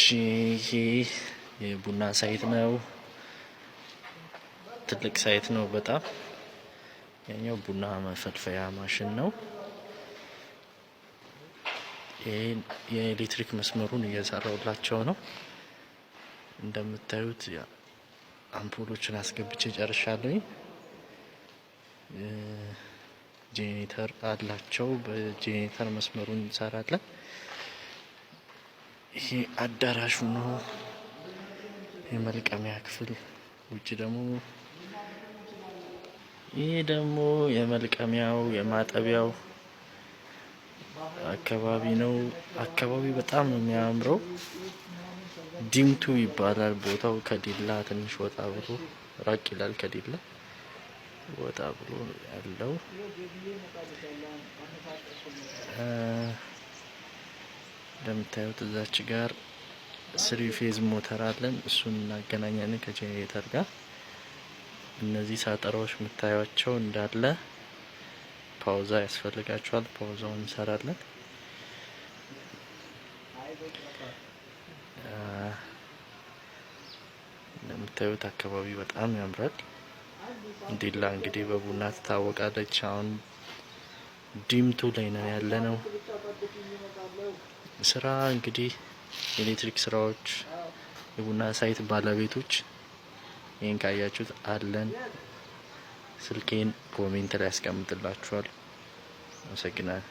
እሺ ይሄ የቡና ሳይት ነው። ትልቅ ሳይት ነው በጣም። ያኛው ቡና መፈልፈያ ማሽን ነው። የኤሌክትሪክ መስመሩን እየሰራውላቸው ነው። እንደምታዩት አምፖሎችን አስገብቼ ጨርሻለኝ። ጄኔተር አላቸው። በጄኔተር መስመሩን እንሰራለን። ይሄ አዳራሹ ነው፣ የመልቀሚያ ክፍል። ውጭ ደግሞ ይህ ደግሞ የመልቀሚያው የማጠቢያው አካባቢ ነው። አካባቢ በጣም ነው የሚያምረው። ዲምቱ ይባላል ቦታው። ከዲላ ትንሽ ወጣ ብሎ ራቅ ይላል። ከዲላ ወጣ ብሎ ያለው እንደምታዩት እዛች ጋር ስሪ ፌዝ ሞተር አለን። እሱን እናገናኛለን ከጄኔሬተር ጋር። እነዚህ ሳጠራዎች የምታዩቸው እንዳለ ፓውዛ ያስፈልጋቸዋል። ፓውዛውን እንሰራለን። እንደምታዩት አካባቢ በጣም ያምራል። እንዲላ እንግዲህ በቡና ትታወቃለች። አሁን ዲምቱ ላይ ነው ያለ ነው። ስራ እንግዲህ ኤሌክትሪክ ስራዎች፣ የቡና ሳይት ባለቤቶች ይህን ካያችሁት አለን። ስልኬን ኮሜንት ላይ ያስቀምጥላችኋል። አመሰግናለሁ።